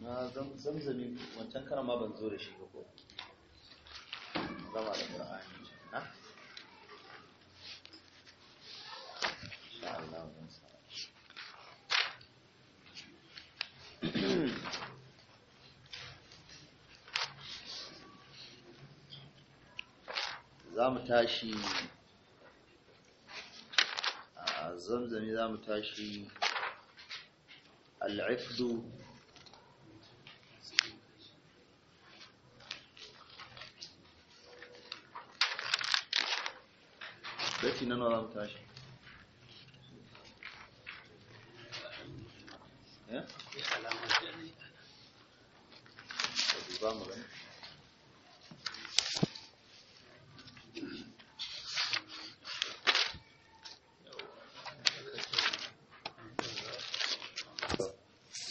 na zamzami wancan karan ma ban zo da shi ba ko zama da qur'ani na Allah mun sa za mu tashi a zamzami za mu tashi al al'ifdu Sai na nawa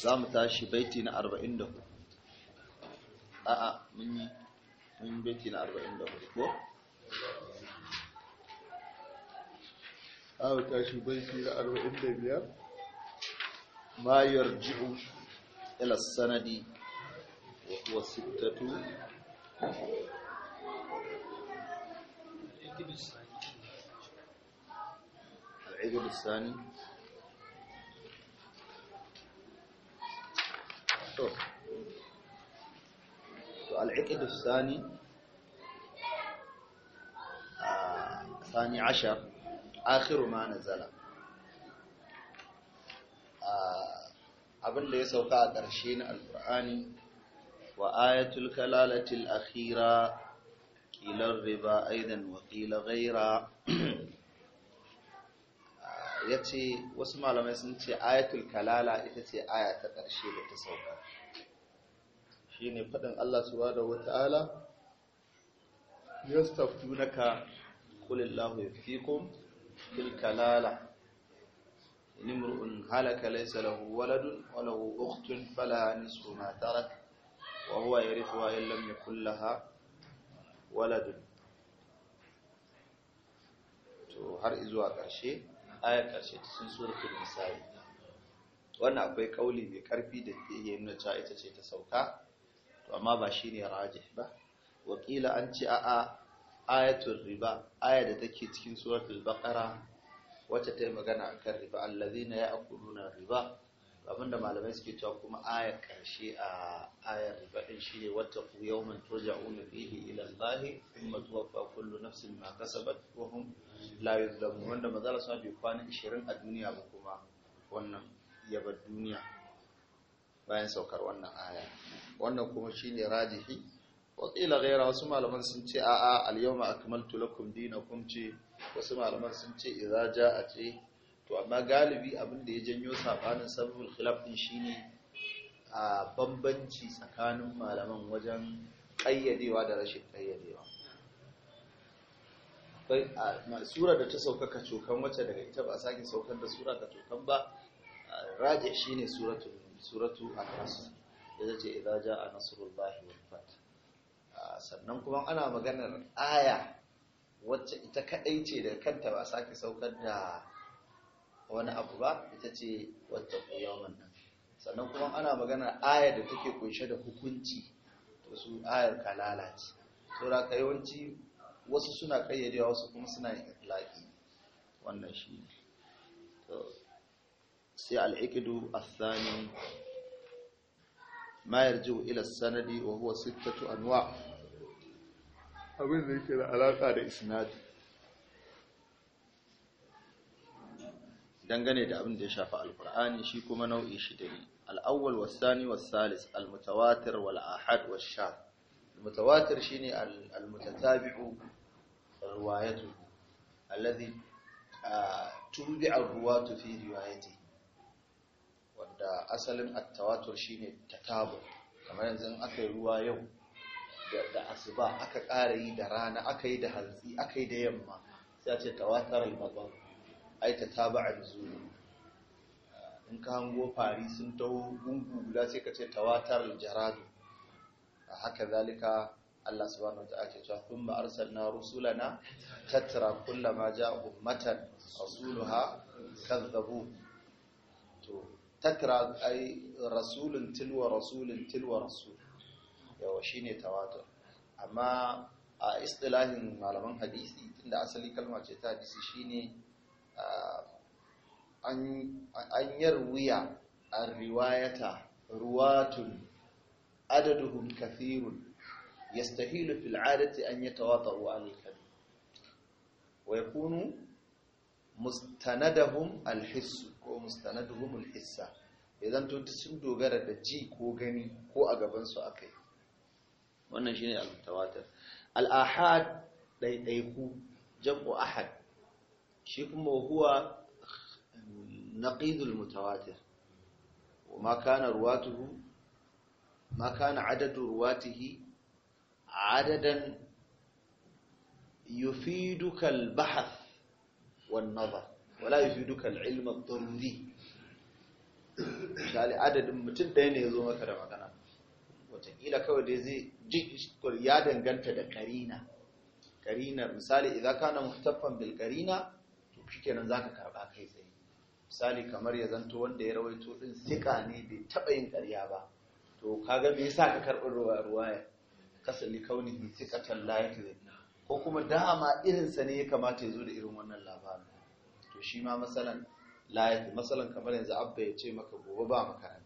za mu tashi eh? baiti na 44 a'a mun yi baiti na 44 ko أو تاشي بيتي أربعين دبيا ما يرجع إلى السند وهو ستة العدل الثاني العقد الثاني الثاني عشر akhiru ma nazala abin da ya sauka a ƙarshe na alƙur'ani wa ayatul kalalatil akhira kilar riba aidan wa kila ghaira ya ce wasu malamai sun ce ayatul kalala ita ce aya ta ƙarshe da ta sauka shi ne faɗin Allah subhanahu wa ta'ala yastaftuna ka fi yafikum fil kalala nimru'un halaka laysa lahu waladun wa lahu ukhtun falaha nisfu ma tarak wa huwa yarithuha in lam yakul laha waladun to har zuwa ƙarshe ayar ƙarshe ta sun suratul nisa'i wannan akwai kauli mai karfi da ke yake nuna cewa ita ce ta sauka to amma ba shine rajih ba wakila an ci a'a ayatul riba aya da take cikin suratul baqara wacce ta yi magana akan riba allazina ya'kuluna riba da malamai suke cewa kuma aya karshe a ayar riba din shine wata yawman turja'una fihi ila Allah thumma tuwaffa kullu nafsin ma kasabat wa hum la yuzlamun wanda mazala sa bi kwana 20 a duniya ba kuma wannan bar duniya bayan saukar wannan aya wannan kuma shine rajihi wakila gaira wasu malaman sun ce a'a al-yawma akmaltu lakum dinakum ce wasu malaman sun ce idza ja'a ce to amma galibi abin da ya janyo sabanin sabbin khilaf din shine a bambanci tsakanin malaman wajen ƙayyadewa da rashin ƙayyadewa akwai a sura da ta sauka cokan wacce daga ita ba a sake saukar da sura cokan ba raje shine suratu suratu an-nasr da zace idza jaa nasrullahi wal fath sannan kuma ana maganar aya wacce ita kadai ce da kanta ba sake saukar da wani abu ba ita ce wata yawon nan sannan kuma ana maganar aya da take kunshe da hukunci to su ayar ka lalace saura ka yawanci wasu suna kayyadewa wasu kuma suna laƙi wannan shi ne sai al'ikidu sani ma yarjiu ila sanadi wa huwa sittatu anwa' abin da yake da alaƙa da isnadi dangane da abin da ya shafi alkur'ani shi kuma nau'i shi ne al'awwal wasani wasalis almutawatir wal ahad washad almutawatir shine almutatabi'u riwayatu alladhi tubi'a ruwatu fi riwayati wanda asalin at-tawatur shine tatabu kamar yanzu in aka ruwa yau da asuba aka ƙara yi da rana aka yi da hantsi aka yi da yamma sai a ce tawatar al-mazhar ai ta taba al in ka hango fari sun taho gungu guda sai ka ce tawatar al-jaradu a haka zalika Allah su wa ta ake cewa thumma arsalna rusulana tatra kullama ja'a ummatan kan zabu to tattara ai rasulun tilwa rasulun tilwa rasul yawa shine tawatar amma a istilahin malaman hadisi tunda asali kalma ce ta hadisi shine an wuya an riwayata ruwatun adaduhum kathirun yastahilu fil adati an yatawataru an al wa ya kunu mustanadahun alhissu ko mustanadahun alhissa idan tuntun sun dogara da ji ko gani ko a gabansu a akai wannan shine al-mutawatir al-ahad daidaiku jam'u ahad shi kuma huwa naqidul mutawatir وما كان رواته ما كان عدد رواته عددا يفيدك البحث والنظر ولا يفيدك العلم الضروري misali adadin mutum ɗaya ne ya zo maka da magana watakila kawai da zai ya danganta da karina karina misali idan kana muhtaffan bil karina to shikenan zaka karba kai tsaye misali kamar ya zanto wanda ya rawaito din sika ne bai taba yin ƙarya ba to kaga me yasa ka karbi ruwaya kasali kauni sikatan la yakzib ko kuma dama sa ne ya kamata ya zo da irin wannan labarin to shi ma masalan la yakzib masalan kamar yanzu abba ya ce maka gobe ba makaranta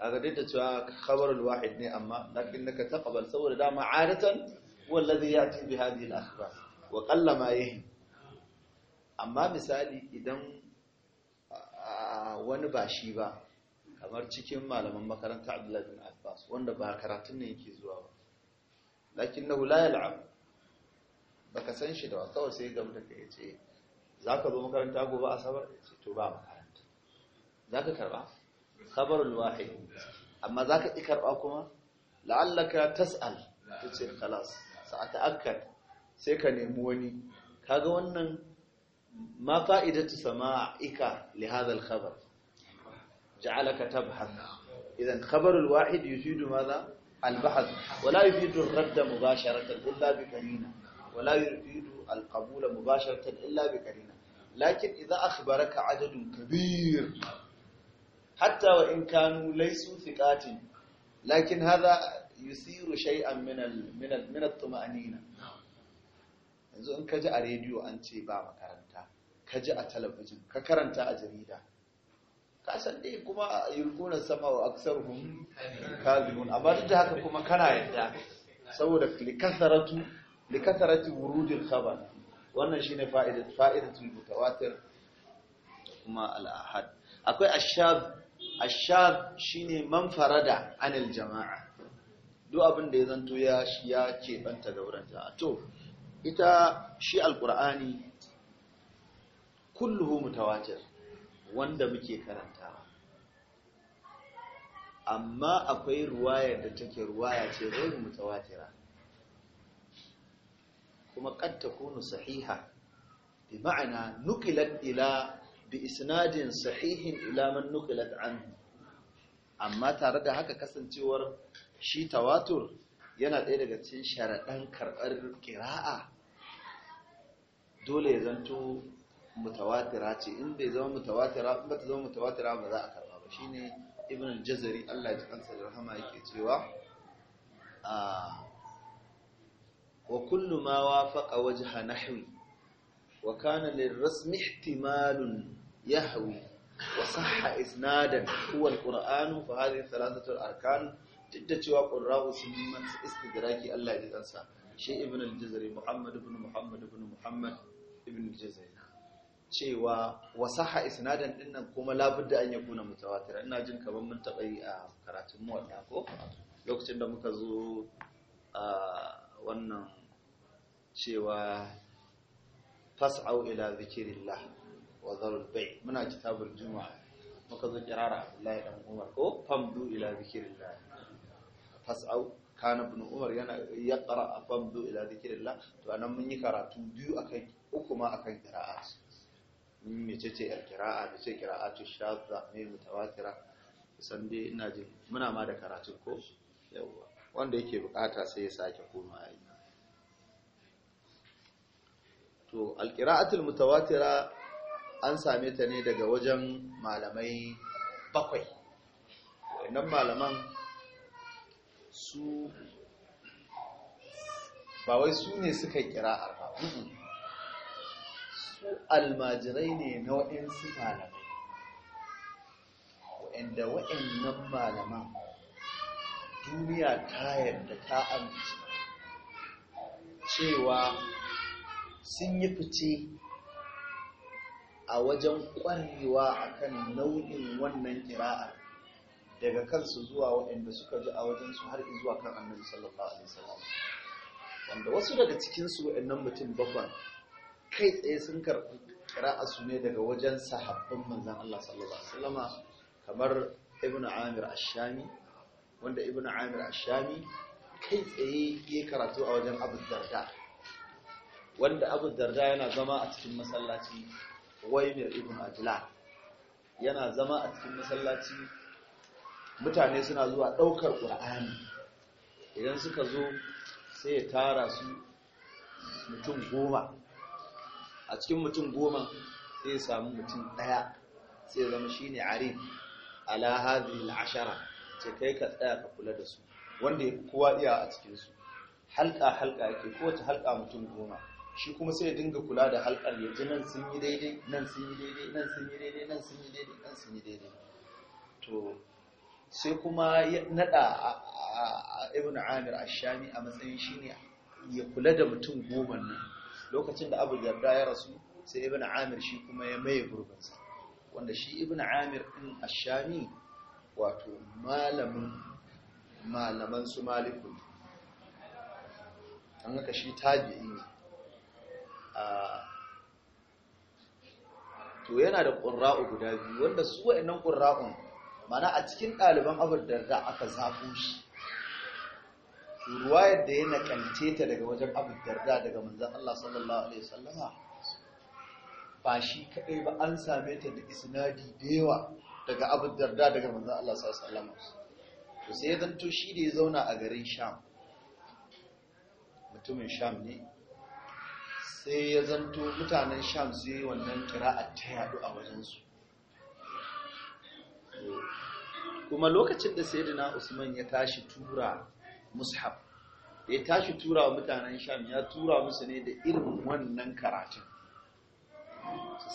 kaga duk da cewa khabarul wahid ne amma lakinnaka taqabal saboda dama adatan huwa alladhi yati bi hadhihi al akhbar wa ma yahi amma misali idan wani ba shi ba kamar cikin malaman makaranta Abdullahi bin Abbas wanda ba karatun ne yake zuwa ba lakinnahu la yal'ab baka san shi da wa kawai sai ga mutum ya zaka zo makaranta gobe asabar to ba makaranta zaka karba khabarul wahid amma zaka ki karba kuma la'allaka tas'al tace khalas sa'ata'akkad sai ka nemi wani kaga wannan ma fa'idatu sama'ika li hadha al khabar ja'alaka tabhath idan khabarul wahid yufidu madha al bahth wala yufidu al radd mubasharatan illa bi karina wala yufidu al qabula mubasharatan illa bi karina lakin idha akhbaraka adadun kabir hatta wa in kanu laysu thiqatin lakin hadha yusiru shay'an min al min al min yanzu in ji a rediyo an ce ba makaranta kaji a talabijin ka karanta a jarida ka san dai kuma yulkuna sama wa aksaruhum kadhibun amma duk da haka kuma kana yadda saboda likatharatu likatharati wurudin khabar wannan shine fa'idat fa'idatul mutawatir kuma al-ahad akwai ashab ashab shine man farada anil jama'a duk abin da ya zanto ya ya keɓanta da wurin jama'a to ita shi alqur'ani kulluhu mutawatir wanda muke karantawa amma akwai ruwayar da take ruwaya ce ghairu mutawatira kuma qad takunu sahiha bi ma'ana nuqilat ila bi isnadin sahihin ila man nuqilat anhu amma tare da haka kasancewar shi tawatur yana ɗaya daga cikin sharaɗan karɓar ƙira'a dole ya zanto mutawatira ce in bai zama mutawatira ba ta zama mutawatira ba za a karɓa ba shine ibn jazari Allah ya kansa da rahama yake cewa wa kullu ma wafaqa wajha nahwi wa kana lirrasmi ihtimalun يهوي وصح اسنادا هو القران فهذه ثلاثة الأركان جدة وقراء سنة استدراكي الله يجزنسا شي ابن الجزري محمد بن محمد بن محمد ابن الجزري cewa wasaha isnadan din nan kuma labudda an ya kuna mutawatira ina jin kaman mun taɓa yi a karatun mu wannan ko lokacin da muka zo a wannan cewa fas'au ila zikirillah wa bai muna kitabar juma'a muka zo kirara Abdullahi dan Umar ko famdu ila zikrillah fas'au kana ibn Umar yana ya qara famdu ila zikrillah to anan mun yi karatu biyu akan uku ma akan qira'a mun mecece al-qira'a da ce qira'atu shadda ne mutawatira san dai ina ji muna ma da karatu ko yawa wanda yake bukata sai ya sake koma yi to al-qira'atul mutawatira an same ta ne daga wajen malamai bakwai wannan malaman su ba wai su ne suka kira arba su almajirai ne na waɗansu malamai waɗanda nan malaman duniya ta yadda ta amince cewa sun yi fice a wajen ƙwarewa akan nau'in wannan kira'a daga kansu zuwa waɗanda suka ji a wajensu har zuwa kan annabi sallallahu alaihi wasallam wanda wasu daga cikinsu waɗannan mutum bakwai kai tsaye sun karɓi su ne daga wajen sahabban manzan Allah sallallahu alaihi wasallam kamar ibnu amir ash-shami wanda ibnu amir ash-shami kai tsaye ya karatu a wajen abu darda wanda abu darda yana zama a cikin masallaci waimir ibn ajlan yana zama a cikin masallaci mutane suna zuwa ɗaukar ƙur'ani idan suka zo sai ya tara su mutum goma a cikin mutum goma sai ya samu mutum ɗaya sai ya zama shi ne arin ala hadhihi ashara ce kai ka tsaya ka kula da su wanda ya kowa iya a su, halka halka yake kowace halka mutum goma shi kuma sai ya dinga kula da halkar ya ji nan sun yi daidai nan sun yi daidai nan sun yi daidai nan sun yi daidai nan sun yi daidai to sai kuma ya nada ibn amir ashami a matsayin shi ne ya kula da mutum goma nan lokacin da abu jarda ya rasu sai ibn amir shi kuma ya maye gurbinsa wanda shi ibn amir din ashami wato malamin malaman su maliku an haka shi tabi'i ne to yana da ƙunra'u guda biyu wanda su wa'annan ƙunra'un mana a cikin ɗaliban abin da aka zaɓo shi Ruwa yadda ya nakalce ta daga wajen abu darda daga manzan Allah sallallahu Alaihi wasallama ba shi kaɗai ba an same ta da isnadi da yawa daga abu darda daga manzan Allah sallallahu Alaihi wasallama sai ya zanto shi da ya zauna a garin sham mutumin sham ne sai ya zanto mutanen sham sai wannan a ta yadu a wajensu kuma lokacin da sayyidina usman ya tashi tura mushaf ya tashi tura wa mutanen sham ya tura musu ne da irin wannan karatun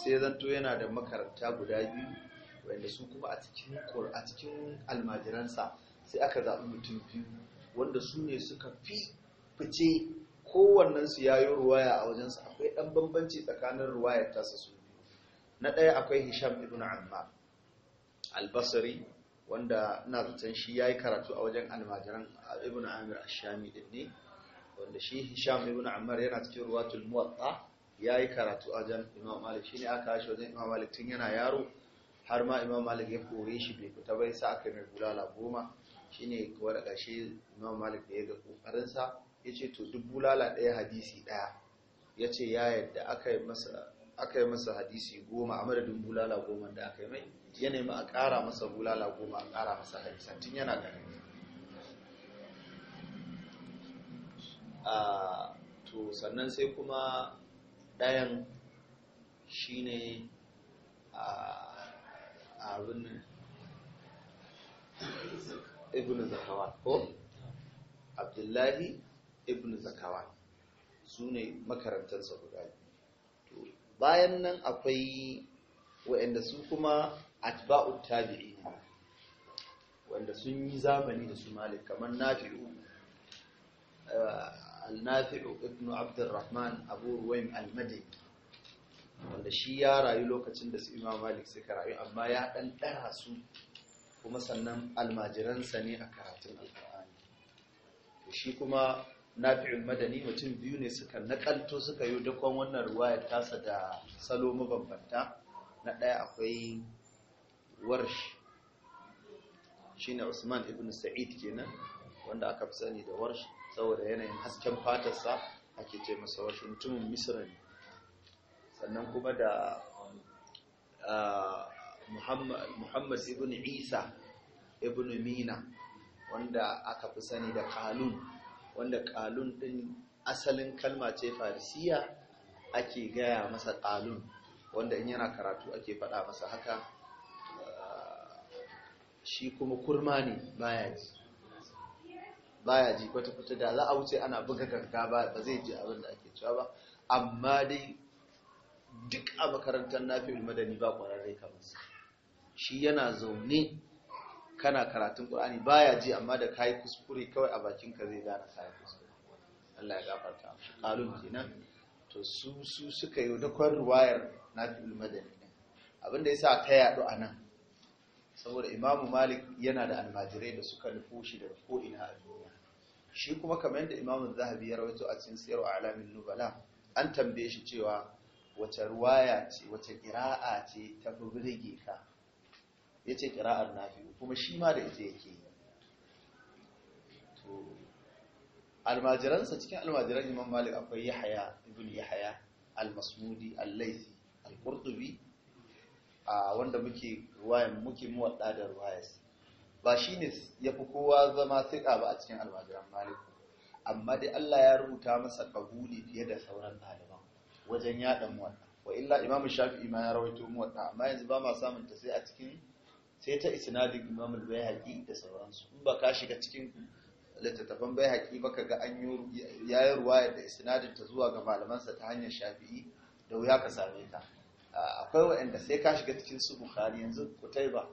sai zanto yana da makaranta guda biyu wanda su kuma a cikin a cikin almajiransa sai aka zaɓi mutum biyu wanda su ne suka fi fice kowannen su yayi ruwaya a wajen akwai dan bambanci tsakanin ruwayar ta su na ɗaya akwai Hisham ibn Ammar al wanda ina zaton shi yayi karatu a wajen almajiran Ibn Amir ash-Shami din ne wanda shi Hisham ibn Ammar yana cikin ruwatul Muwatta yayi karatu a wajen Imam Malik shine aka shi wajen Imam Malik tun yana yaro har ma Imam Malik ya kore shi bai fita bai sa aka mai bulala goma shine kuwa da ƙarshe Imam Malik da ya ga kokarin sa ya ce to duk bulala ɗaya hadisi ɗaya ya ce ya yadda aka yi masa hadisi goma a madadin bulala goma da aka yi mai ya ma a ƙara masa bulala goma a ƙara masa hadisi tun yana ƙarfi to sannan sai kuma ɗayan shi ne a abin ibn zahawa ko abdullahi ibn Zakawa su ne makarantarsa guda to bayan nan akwai wa'anda su kuma atba'u tabi'i wanda sun yi zamani da su malik kamar nafi'u eh, al-nafi'u ibn abdurrahman abu ruwaim al-madani wanda shi ya rayu lokacin da su imam malik suka rayu amma ya dan dara su kuma sannan almajiransa ne a karatun alkur'ani shi kuma nafi'ul madani mutum biyu ne suka nakalto suka yi dakon wannan ruwayar tasa da salo mabambanta na ɗaya akwai warsh Shi ne usman ibn sa'id kenan wanda aka fi sani da warsh saboda yanayin hasken fatarsa ake ce masa warsh mutumin misra ne sannan kuma da muhammad ibn isa ibn mina wanda aka fi sani da kalun wanda ƙalun ɗin asalin kalma ce farisiya ake gaya masa ƙalun wanda in yana karatu ake faɗa masa haka ah, shi kuma kurma ne baya ji baya ji kwata-kwata da za a wuce ana buga ganga ba zai ji abin da ake cewa ba amma dai duk a makarantar nafi madani ba ƙwararre kamar shi yana zaune kana karatun ƙurani baya ji amma da yi kuskure kawai a bakin ka zai gane kayan kuskure Allah ya gafarta shi qalun kenan to su su suka yi da kwar ruwayar Nafi'ul Madani abinda yasa ta a anan saboda Imamu Malik yana da almajirai da suka nufo shi daga ko ina a duniya shi kuma kamar yadda Imam Zahabi ya rawaito a cikin Sirru Alamin Nubala an tambaye shi cewa wace ruwaya ce wace qira'a ce ta fi birge ka ya ce ƙira'ar nafi'u kuma shi ma da ita yake yi almajiransa cikin almajiran imam malik akwai yahaya ibn yahaya al-masmudi al-laifi al wanda muke ruwayan muke muwaɗa da ruwayas ba shine fi kowa zama siƙa ba a cikin almajiran malik amma dai Allah ya rubuta masa kabuli fiye da sauran ɗaliban wajen yaɗa muwaɗa. wa illa imam shafi'i ma ya rawaito muwaɗa. amma yanzu ba ma samun ta sai a cikin sai ta isnadin imam al-bayhaqi da sauransu in ba ka shiga cikin littattafan bayhaqi ba ka ga an yi yayi ruwaya da isnadin ta zuwa ga malamansa ta hanyar shafi'i da wuya ka same ta akwai waɗanda sai ka shiga cikin su bukhari yanzu kutaiba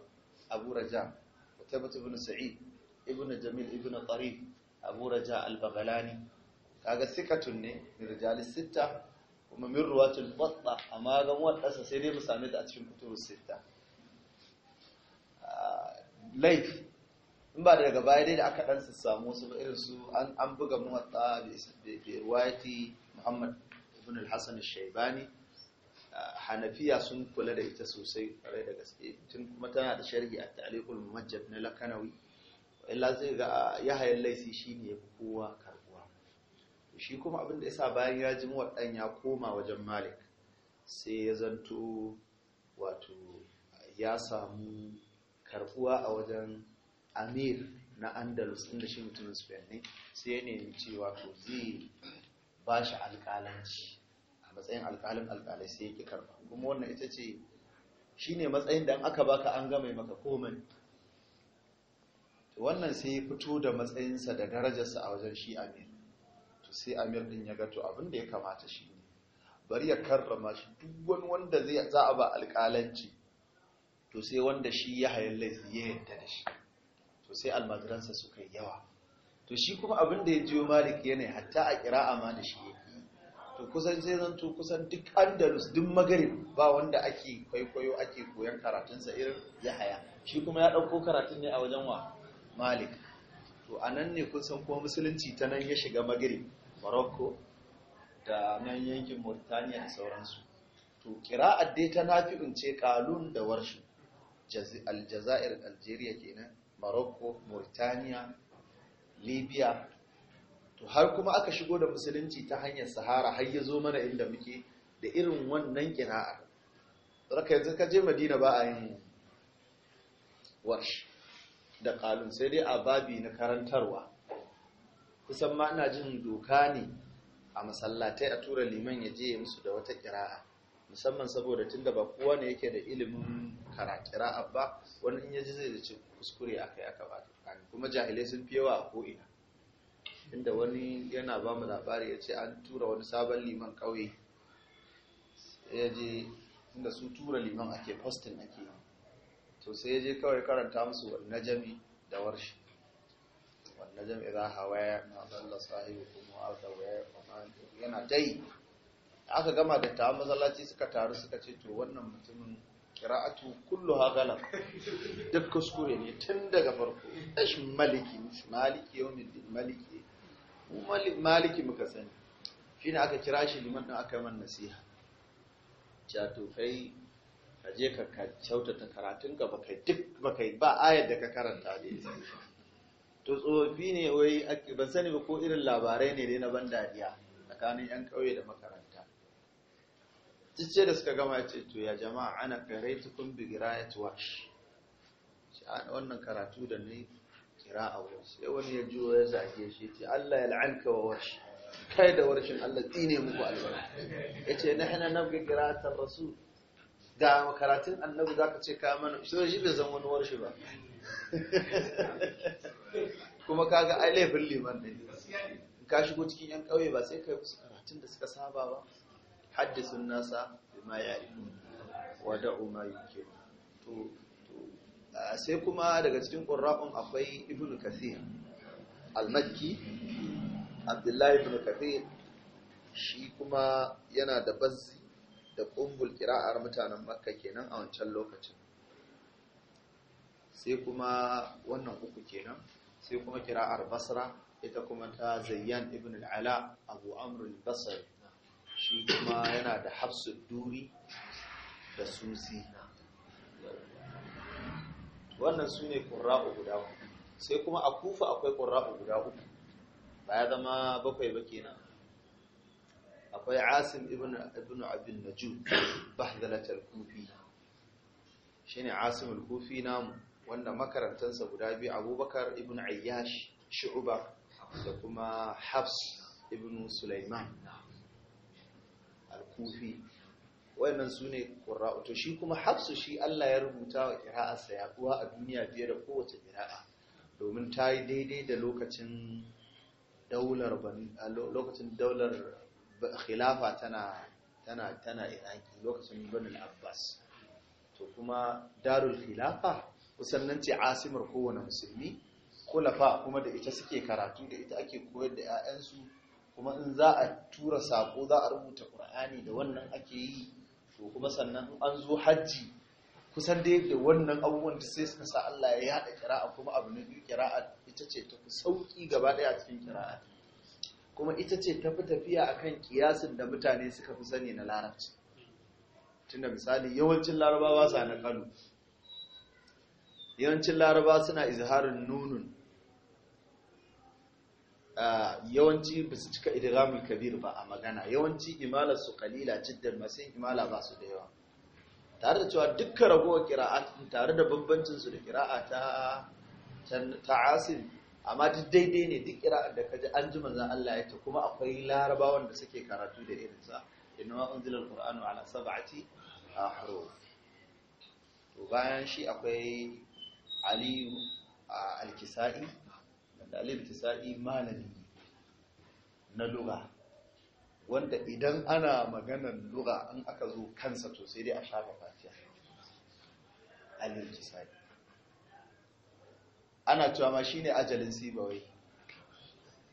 abu raja kutaiba ibn sa'id ibn jamil ibn tarif abu raja al-baghlani kaga sikatun ne min rijalis sitta kuma min ruwatul batta amma ga muwaddasa sai dai mu same ta a cikin kutubus sitta laifi in ba daga baya dai da aka dan samu su ba irin su an buga muwatta da riwayati Muhammad ibn al-Hasan al Hanafiya sun kula da ita sosai kwarai da gaske tun kuma tana da sharhi a ta'liqul mumajjad na Lakanawi illa zai ga ya laifi shi shine ya kowa karbuwa shi kuma abin da yasa bayan ya ji muwatta ya koma wajen Malik sai ya zanto wato ya samu karbuwa a wajen amir na andalus inda shi mutumin spain ne sai ya nemi cewa to zai ba shi alkalanci. a matsayin alkalin alkalai sai ya ke karba kuma wannan ita ce shi ne matsayin da aka baka an gama maka komen wannan sai ya fito da matsayinsa da darajarsa a wajen shi amir to sai amir din ya gato abin da ya kamata shi ne bari ya karrama shi duk wani wanda za a ba alkalanci to sai wanda shi ya hayar laifi ya yadda da shi to sai almajiransa suka yi yawa to shi kuma abin da ya ji malik yanayi hatta a kira'a ma da shi to kusan sai zan to kusan duk andalus duk magarin ba wanda ake kwaikwayo ake koyan karatunsa irin ya haya shi kuma ya ɗauko karatun ne a wajen wa malik to a nan ne kusan kuma musulunci ta nan ya shiga magarin morocco da nan yankin mauritania da sauransu to kira'ar dai ta nafi'un ce kalun da warshin. aljazair algeria kenan morocco mauritania libya to har kuma aka shigo da musulunci ta hanyar sahara har ya zo mana inda muke da irin wannan kina'ar raka yanzu ka je madina ba a yin wash da kalun sai dai a babi na karantarwa kusan ma ina jin doka ne a masallatai a tura liman ya je musu da wata kira'a musamman saboda tunda ba kowa ne yake da ilimin karakira abba wani in yaji zai ci kuskure kai aka bata kani kuma jahilai sun fi yawa a ko'ina inda wani yana ba mu labari ya ce an tura wani sabon liman ƙauye ya je inda su tura liman ake postin ake yi to sai ya je kawai karanta musu wani najami da warshi wani najami za hawa ya na zalla sahibu kuma arda waya yana dai aka gama da ta masallaci suka taru suka ce to wannan mutumin kira'atu kullu ha galam duk kuskure ne tun daga farko ash maliki maliki duk maliki maliki muka sani ne aka kira shi liman ɗin aka yi man nasiha ja to kai ka je ka kyautata karatun ka bakai, duk baka ba ayar da ka karanta ne to tsofi ne wai ban sani ba ko irin labarai ne dai na ban dariya tsakanin yan kauye da makar ce da suka gama ce to ya jama'a ana karaitukun bi qira'ati wash shi ah, wannan karatu da ni a wash sai wani ya juwa ya zage shi ce Allah ya la'anka wa wash kai da warshin Allah tsine muku albarka na nahna nabgi qira'atar rasu ga karatun annabi ka ce ka mana shi shi bai zan wani warshi ba kuma kaga ai laifin liman ne ka shigo cikin yan kauye ba sai kai musu karatun da suka saba ba haddisun nasa bima ya ilmu umaru ke sai kuma daga cikin qurra'un akwai ibn kathir al-makki abdullahi ibn kathir shi kuma yana da bazzi da ƙungul kira'ar mutanen makka kenan a wancan lokacin sai kuma wannan uku kenan sai kuma kira'ar basra ita kuma ta zayyan ibn al'ala abu amr Basra. shi kuma yana da hafsul duri da susi wannan su ne ƙura'u guda uku, sai kuma a kufa akwai ƙura'u guda uku. ba ya zama bakwai ba kenan akwai asim ibn abin najud bahdalatar kufi shi ne asim al-kufi namu wanda makarantarsa guda biyu abubakar ibn ayyash shu'uba da kuma hafs ibn sulaiman kufi wayannan sune ne to shi kuma hafsu shi Allah ya rubuta wa ya kuwa a duniya fiye da kowace ƙira'a domin ta yi daidai da lokacin daular lokacin daular khilafa tana tana tana iraki lokacin banin abbas to kuma darul khilafa kusan nan ce asimar kowane musulmi kulafa kuma da ita suke karatu da ita ake koyar da 'ya'yansu kuma in za a tura sako za a rubuta ƙur'ani da wannan ake yi to kuma sannan an zo hajji kusan dai da wannan abubuwan da sai suka sa Allah ya yada kira'a kuma abu na biyu kira'a ita ce ta fi sauƙi gaba ɗaya a cikin kira'a kuma ita ce ta fi tafiya a kan kiyasin da mutane suka fi sani na larabci tunda misali yawancin larabawa sa na yawancin laraba suna izharin nunun yawanci ba su cika idramul kabir ba a magana yawanci imalar su kalila jiddan masu imala ba su da yawa tare da cewa dukkan ragowar kira'at tare da bambancin su da kira'a ta ta asim amma duk daidai ne duk kira'a da kaji an ji manzon Allah ya ta kuma akwai larabawan da suke karatu da irin sa inna unzila alqur'anu ala sab'ati ahruf to bayan shi akwai ali ah, al-kisa'i da alibtisa'i malami na lura wanda idan ana maganar lura an aka zo kansa to sai dai a shafa fatiya alibtisa'i ana cewa ma shine ajalin sibawai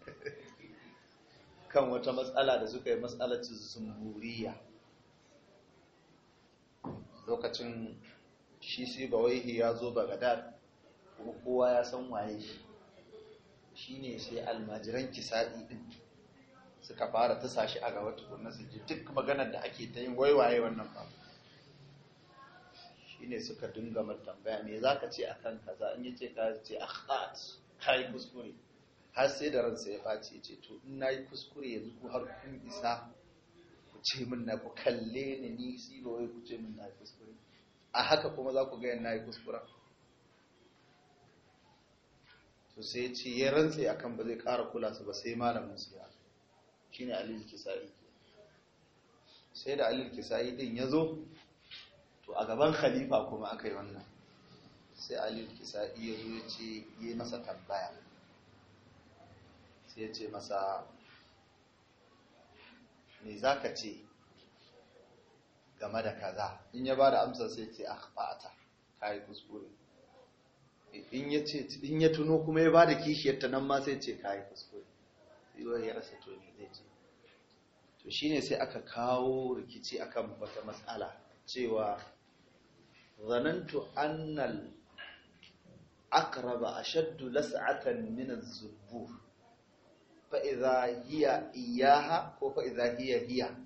kan wata matsala da suka yi matsalacin zumburiya lokacin shi sibawai ya zo bagadar kuma kowa ya san waye shi shine sai almajiran kisadi din suka fara tusa shi a gaba tukunna su ji duk maganar da ake ta yin waiwaye wannan ba shine suka dinga mar tambaya me zaka ce akan kaza in yace ka ce akhat ah, kai kuskure har sai da ransa ya bace ce to in na yi kuskure yanzu ku har kun isa ku ce min na ku kalle ni ni siro ku ce min na yi kuskure a haka kuma za ku ga na yi kuskura to sai ya ce ya rantse akan ba zai ƙara kula su ba sai malamin su ya shine alil kisa'i sai da alil kisa'i din ya zo to a gaban khalifa kuma aka yi wannan sai alil kisa'i ya zo ya ce yi masa tambaya sai ya ce masa me za ka ce game da kaza in ya ba da amsa sai ce a fa'ata ka yi kuskure in ya tuno kuma ya ba da kishiyarta nan ma sai ce yi kuskure yiwuwar ya rasa to ne zai ce to shine sai aka kawo rikici akan wata matsala cewa zanantu annal akraba a shaddu min az-zubur fa hiya iyaha ko fa’iza hiya hiya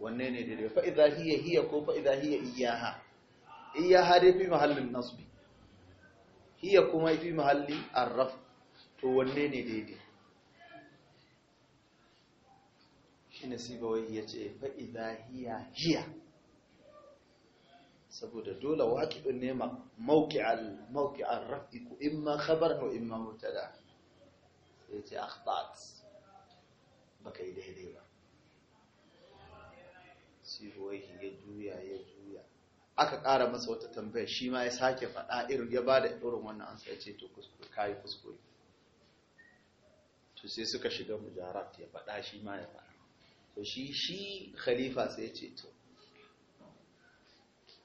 wanne ne dai fa’iza hiya hiya ko fa hiya iyaha iyaha dai fi mahallin nasbi hiya kuma fi mahalli arraf to wanne ne daidai shi siba wai ya ce fa'iza hiya hiya saboda dole waƙiɗin nema mauki'ar rafi ku in ma khabar ko in ma da sai ce ba baka yi daidai ba wai ya juya ya aka ƙara masa wata tambaya shi ma ya sake faɗa irin ya ba da irin wannan an sai ce to ka kayi kuskure to sai suka shiga mujarat ya faɗa shi ma ya faɗa to shi shi khalifa sai ya ce to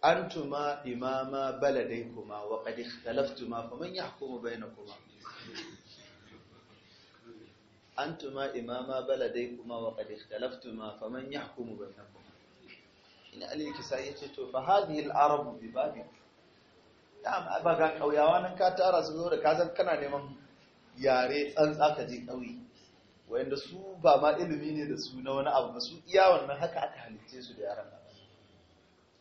antuma imama baladaykuma wa qad ikhtalaftuma faman yahkumu bainakuma antuma imama baladaykuma wa qad ikhtalaftuma faman yahkumu bainakuma in Ali Kisa yace to fa hadhihi al-arab bi babi da ba ga kauyawa nan ka tara su zo da ka san kana neman yare tsantsa ka je kauye wanda su ba ma ilimi ne da su na wani abu ba su iya wannan haka aka halicce su da yaran nan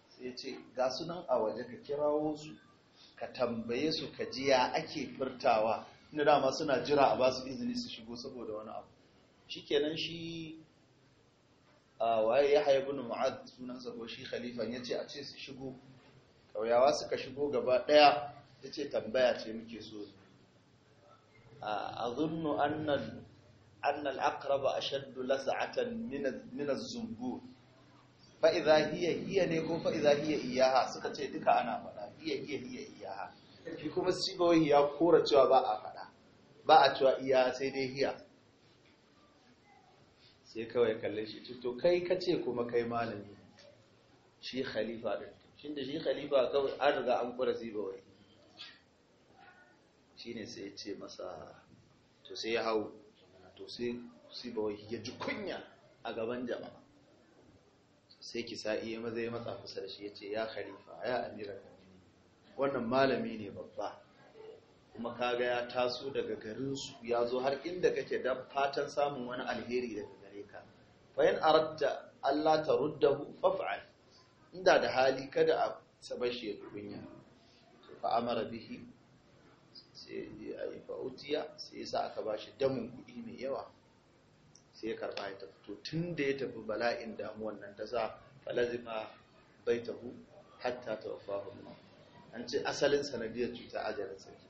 sai ce ga su nan a waje ka kirawo su ka tambaye su ka ji ya ake furtawa inda dama suna jira a ba su izini su shigo saboda wani abu shikenan shi waye ya haibu na ma'ad sunansa ko shi khalifan ya ce a ce su shigo ƙauyawa suka shigo gaba ɗaya ya ce tambaya ce muke so a zunnu annal akraba a shaddu lasa'atan minas zumbu fa'iza hiya hiya ne ko fa'iza hiya iyaha suka ce duka ana faɗa hiya hiya hiya iyaha shi kuma sibawai ya kora cewa ba a faɗa ba a cewa iyaha sai dai hiya sai kawai kalle shi to kai ka ce kuma kai malami shi khalifa din shi da shi khalifa kawai an riga an kura ziba wai shi ne sai ya ce masa to sai ya hau to sai ba wai ya ji kunya a gaban jama'a sai ki sa iya maza ya matsa kusa da shi ya ce ya khalifa ya amira wannan malami ne babba kuma kaga ya taso daga garinsu ya zo har inda kake da fatan samun wani alheri daga ka fa in aratta Allah ta ruddahu faf'al inda da hali kada a saba shi ya to fa amara bihi sai ya yi utiya sai ya sa aka bashi damun kuɗi mai yawa sai ya karɓa ya tafi to tun da ya tafi bala'in damuwan nan ta sa falazima bai tahu hatta ta wafa an ce asalin sanadiyar cuta ajalin sarki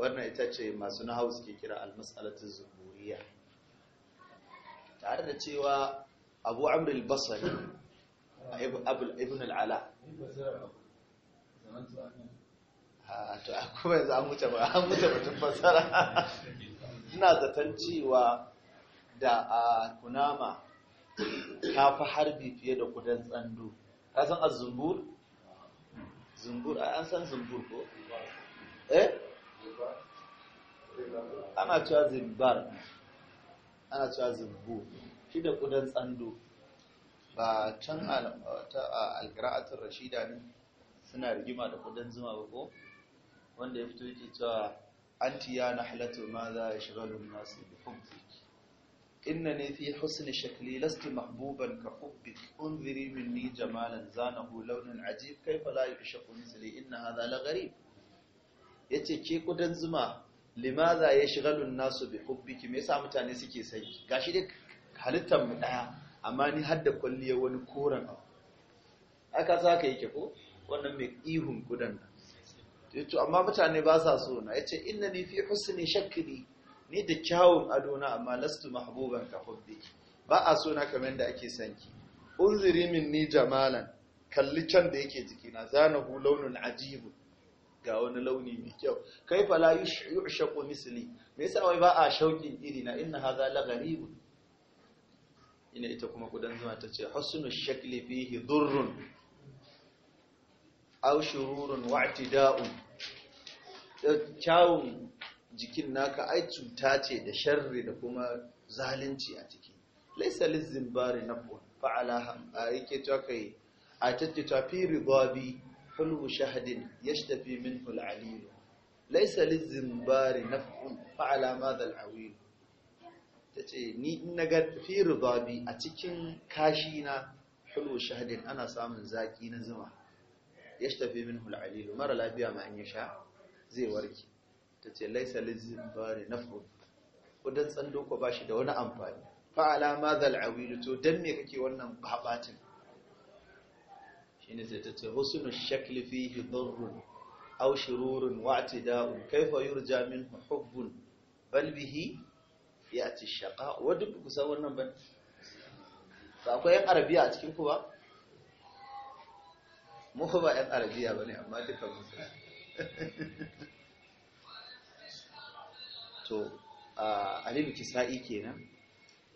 wannan ita ce masu na hausa ke kira almasalatin zuburiya tare da cewa abu amr al-basri ibn al’ala ala to akwai yanzu an mutu ba an wuce batun fassara ina zaton cewa da a kunama ta fi harbi fiye da kudan tsando ka san azumbur zumbur an san zumbur ko eh ana cewa zimbar ana cewa zubbu shi da kudan tsando ba can alƙira'atun rashida ne suna rigima da kudan zuma ba ko wanda ya fito yake cewa anti ya nahlatu ma za ya shiga nasu bi hubbi inna ne fi husni shakli lasti mahbuban ka hubbi unziri minni jamalan zanahu launin ajib fa la yushaku misli inna hadha la gharib yace ke kudan zuma limaza ya shi an-nasu bi hubbiki me yasa mutane suke sai gashi dai halittar mu daya amma ni har da kulliyar wani koran abu aka saka yake ko wannan mai ihun gudan yace amma mutane ba sa so na yace innani fi husni shakli ni da kyawun adona amma lastu mahbuban ka hubbiki ba a so na kamar da ake sanki unziri ni jamalan kalli can da yake jikina zanahu launun ajibun ga wani launi mai kyau kai la yushaqu misli me yasa wai ba a shaukin iri na inna hadha la gharib ina ita kuma kudan zuma tace husnu shakli fihi durrun aw shururun wa'tida'un eh, kyawun jikin naka ai cuta ce da sharri da kuma zalunci a ciki laysa lizimbari nafun fa'ala ham a kai a tattata fi ridabi حلو شهد يشتفي منه العليل ليس للزنبار نفع فعلى ماذا العويل tace ni in naga fi ribabi a cikin kashi na hulu shahadin ana samun zaki na zuma yashtafi minhu al-alil mara lafiya ma an yasha zai warke tace laysa lizbari naf'u kudan tsando ko bashi da wani amfani fa ala madha awil to dan me kake wannan babatin shine sai ta ce husnul shakli fihi darrun aw shururun wa atida'un kaifa yurja minhu hubbun bal ya ci shaqa wa duk kusa wannan ban ba akwai yan arabiya a cikin ku ba mu ba yan arabiya bane amma duka mu to alim kisa'i kenan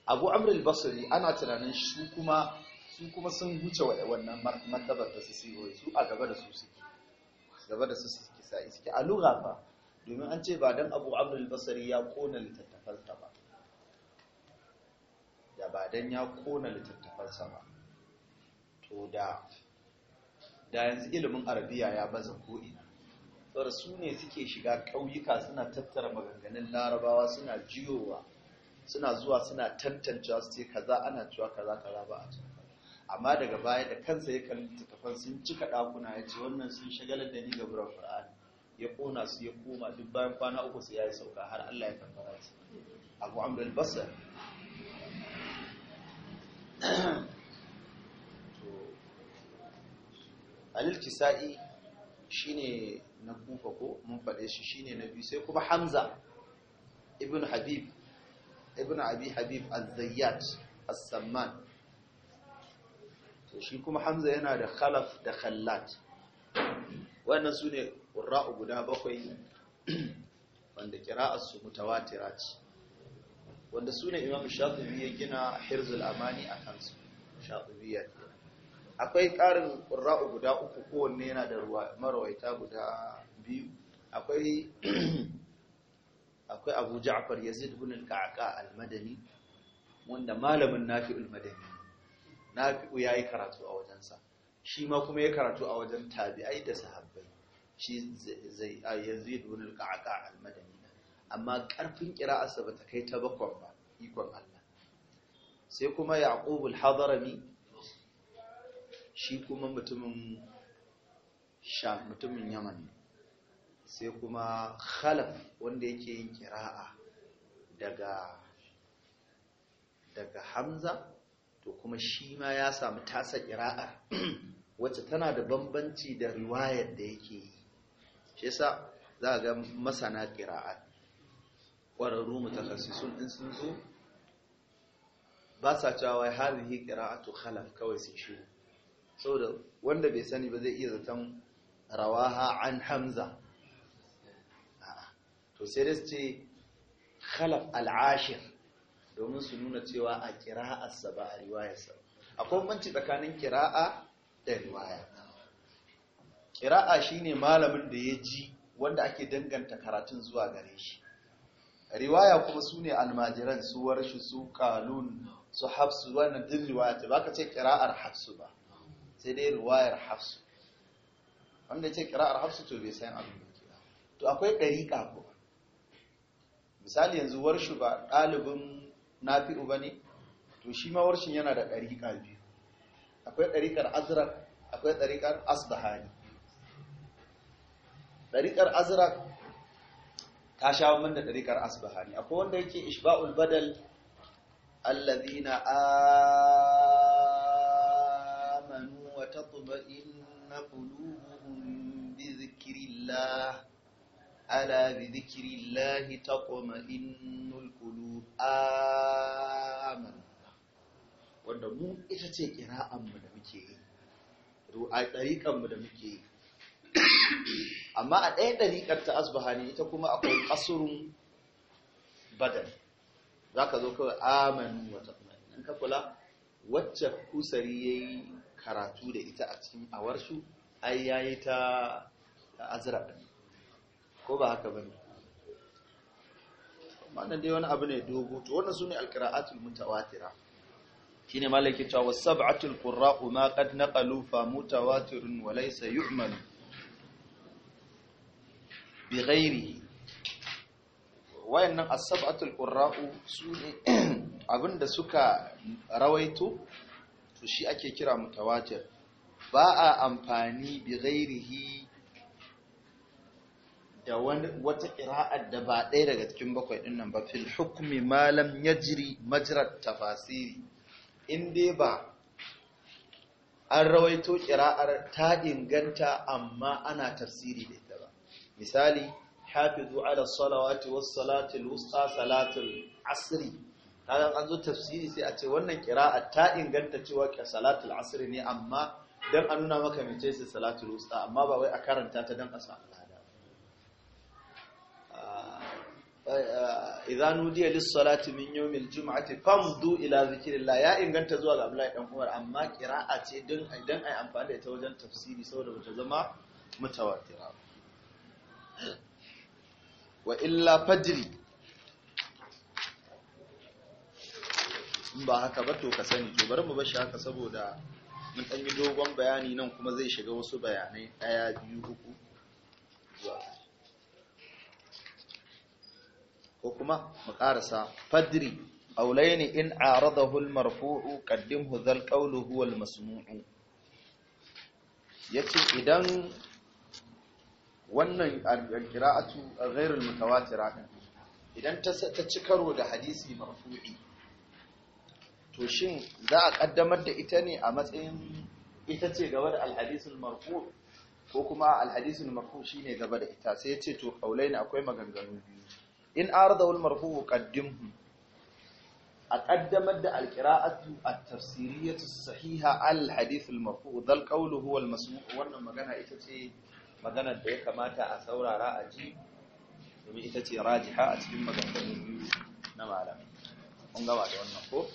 abu Amril al ana tunanin shi kuma su kuma sun huce wannan martabar da su sigoyi su a gaba da su suke gaba da su suke sa'i suke a lura fa domin an ce ba don abu amur basari ya kona littattafansa ba da ba don ya kona littattafansa ba to da da yanzu ilimin arabiya ya baza ko'ina tsara su ne suke shiga ƙauyuka suna tattara maganganun larabawa suna jiyowa suna zuwa suna tantancewa su ce kaza ana cewa kaza kaza ba a cewa amma daga baya da kansa ya kalli littattafan sun cika ɗakuna ya ce wannan sun shagalar da ni ga buran qur'ani ya kona su ya koma duk bayan kwana uku sai ya yi sauka har Allah ya kankara su abu amr al alil kisa'i shine na kufa ko mun faɗe shi shine na biyu sai kuma hamza ibn habib ibn abi habib az-zayyat as-samman to shi kuma hamza yana da khalaf da khallat wannan su ne ƙura'u guda bakwai wanda kira'arsu mutawatira ce wanda su ne imam shafi'i ya gina hirzul amani a kansu shafi'i ya akwai ƙarin ƙura'u guda uku kowanne yana da marawaita guda biyu akwai akwai abu ja'far yazid ibn al-ka'ka al-madani wanda malamin nafi'ul madani nafi'u ya yi karatu a wajensa shi ma kuma ya karatu a wajen tabi'ai da sahabbai shi zai a yanzu yi ka'aka almadani amma karfin kira'arsa ba ta kai ta bakon ba ikon Allah sai kuma yaqubul hadarami shi kuma mutumin sham mutumin sai kuma khalaf wanda yake yin kira'a daga daga hamza to kuma shi ma ya samu tasa ƙira'ar wacce tana da bambanci da riwayar da yake yi shi yasa za ga masana ƙira'ar ƙwararru mutakassisun in sun zo ba sa cewa ƙira'a, to khalaf kawai sun shi saboda wanda bai sani ba zai iya zaton rawaha an hamza to sai dai ce khalaf al'ashir. domin su nuna cewa a kira'arsa ba a riwayarsa akwai banci tsakanin kira'a da riwaya kira'a shine malamin da ya ji wanda ake danganta karatun zuwa gare shi riwaya kuma su ne almajiran su warshi su kalun su hafsu wannan din riwaya ta ba ka ce kira'ar hafsu ba sai dai riwayar hafsu wanda ce kira'ar hafsu to bai san abin da to akwai ɗari kuma misali yanzu warshu ba ɗalibin nafi'u bane to shi ma warshin yana da ɗariƙa biyu akwai ɗariƙar azrak akwai ɗariƙar asbahani ɗariƙar azrak ta sha min da ɗariƙar asbahani akwai wanda yake ishba'ul badal allazina amanu wa tatma'innu qulubuhum bi dhikrillah ألا بذكر الله تطمئن القلوب آمن wanda mu ita ce ƙira'anmu da muke yi a ɗariƙanmu da muke yi amma a ɗaya ɗariƙar ta asbahani ita kuma akwai ƙasurun badal za ka zo kawai amanu wata in ka kula wacce kusari ya karatu da ita a cikin awarsu ai yayi ta azraɗin ko ba haka ba ne. wannan dai wani abu ne dogo to wannan sune alqira'atul mutawatira shine malaki cewa sab'atul qurra'u ma qad naqalu fa mutawatirun wa laysa yu'mal bi ghairihi wayannan as-sab'atul qurra'u sune abinda suka rawaito to shi ake kira mutawatir ba a amfani bi ghairihi da wata ƙira'ar da ba ɗaya daga cikin bakwai ɗin nan ba fil hukumi malam ya jiri majirar tafasiri in dai ba an rawaito ƙira'ar ta inganta amma ana tafsiri da ita ba misali hafizu ala salawati wasu salatul wusta salatul asiri. Kada an zo tafsiri sai a ce wannan ƙira'a ta inganta cewa salatul asiri ne amma don a nuna maka mece ce salatul wusta amma ba wai a karanta ta dan a samu idza nudiya lis-salati min yawmil jum'ati famdu ila zikrillah ya inganta zuwa ga Abdullahi dan Umar amma qira'a ce din idan ai amfani da ita wajen tafsiri saboda bata zama mutawatira wa illa fajri ba haka ba to ka sani to bari mu bashi haka saboda mun dan yi dogon bayani nan kuma zai shiga wasu bayanai ɗaya biyu uku zuwa ko kuma mu ƙarasa fadri aulaini in aradahu almarfu'u qaddimhu zal qawlu huwa almasmu'u yace idan wannan alqira'atu ghairul mutawatira idan ta ta ci karo da hadisi marfu'i to shin za a kaddamar da ita ne a matsayin ita ce gaba da alhadisul marfu' ko kuma alhadisul marfu' shine gaba da ita sai yace to aulaini akwai maganganu biyu إن أرضه المرفوع قدمه أقدم الدعاء القراءة التفسيرية الصحيحة على الحديث المرفوع ذا القول هو المسموع وأن ما كان إتتي ما كان الدعاء كما تأثور رأجي ومن إتتي راجحة أتفهم ما كان نعم على أنقوى